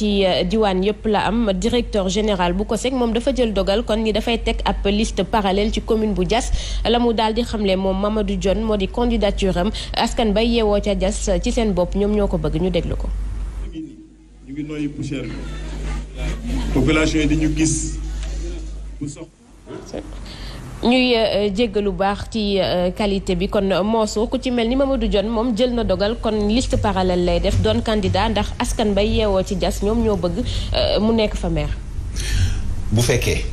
ci suis euh, yëpp la directeur général bu COSEC mom dafa jël dogal kon ni dafay liste parallèle ci commune bu dias la daldi xamlé Mamadou modi askan bay euh, ci dias ci sen bop ñom ñoko bëgg ñu population yi ñuy euh, lu baax ci euh, qualité bi kon moo euh, moosu ku ci mel ni ma Mamadou Dione moom jël na dogal kon liste parallèle lay def doon candidat ndax askan bay yeewoo ci jas ñoom ñoo bëgg mu nekk fa maire. bu fekkee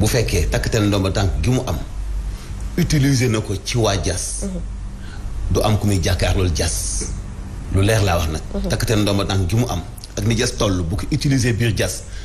bu fekkee takkatal ndomba tànk gi mu am utiliser na ko ci waa jas mhm. du am ku muy jàkkaarlool jas mhm. lu leer laa wax nag. Mhm. takkatal ndomba dànk gi mu am ak ni jas toll bu ko utiliser biir jas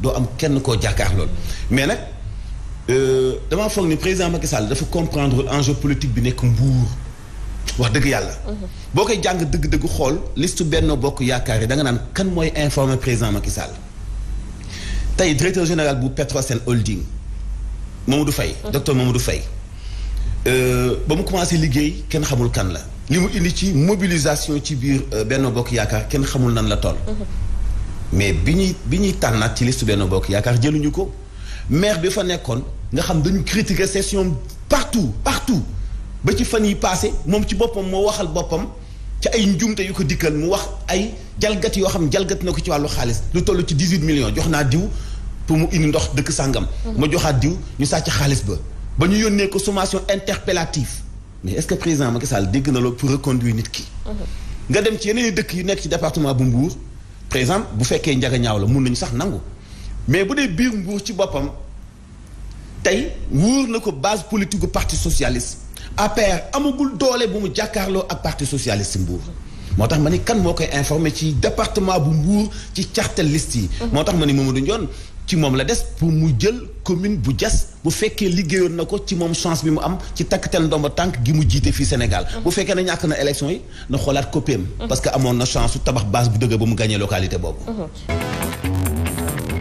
do am kenn ko jàkkaar lol mais nag euh, damaa foog ni président Macky Sall dafa comprendre enjeu politique bi nek mbour wax deug yalla mhm. bokay jang deug deug xol liste benno bokk yakari da nga nan kan moy informer président Macky Sall. tey directeur général bu Petrosen Holding Mamadou Fay mhm. docteur Mamadou Fay euh bamou commencé liguey kenn xamul kan la. li indi ci mobilisation ci bir euh, benno bokk yakar kenn xamul nan la toll. Mhm mais bi ñuy bi ñuy tànnaat ci liste Benno Bokk Yaakaar jëluñu ko maire bi fa nekkoon nga xam dañu critiquer session partout partout ba ci fan yi passé moom ci boppam moo waxal boppam ci ay njuumte yu ko dikkal mu wax ay jalgati yoo xam ne jalgati na ci wàllu xaalis lu toll ci dix-huit millions jox naa pour mu indi ndox dëkk sàngam mmh. ma joxaat diw ñu sàcc xaalis ba ba ñu yónnee ko sommation interpellative mais est-ce que président Macky Sall dégg na loolu pour reconduire nit ki mmh. nga dem ci yeneen dëkk yu nekk ci département bu par exemple bu fekkee njaga ñaaw la mun nañu sax nangu mais bu dee biir nguur ci boppam tey wóor na ko base politique gu parti socialiste APR amagul doole bu mu jàkkaarloo ak parti socialiste Mbour. moo tax ma ni kan moo koy informé ci département bu Mbour ci carte liste yi. Mhm. moo tax ma ni Mamadou Ndione ci mom la dess pour mu jël commune bu jas bu fekkee ligéyon nako ci mom chance bi mu am ci takkatel ndomba tank gi mu jité fi Sénégal mm-hmm. bu fekkee na ñak na élection yi na xolat copem mm-hmm. parce que amoon na chance tabax base bu dëgg ba mu gagner localité boobu mm-hmm.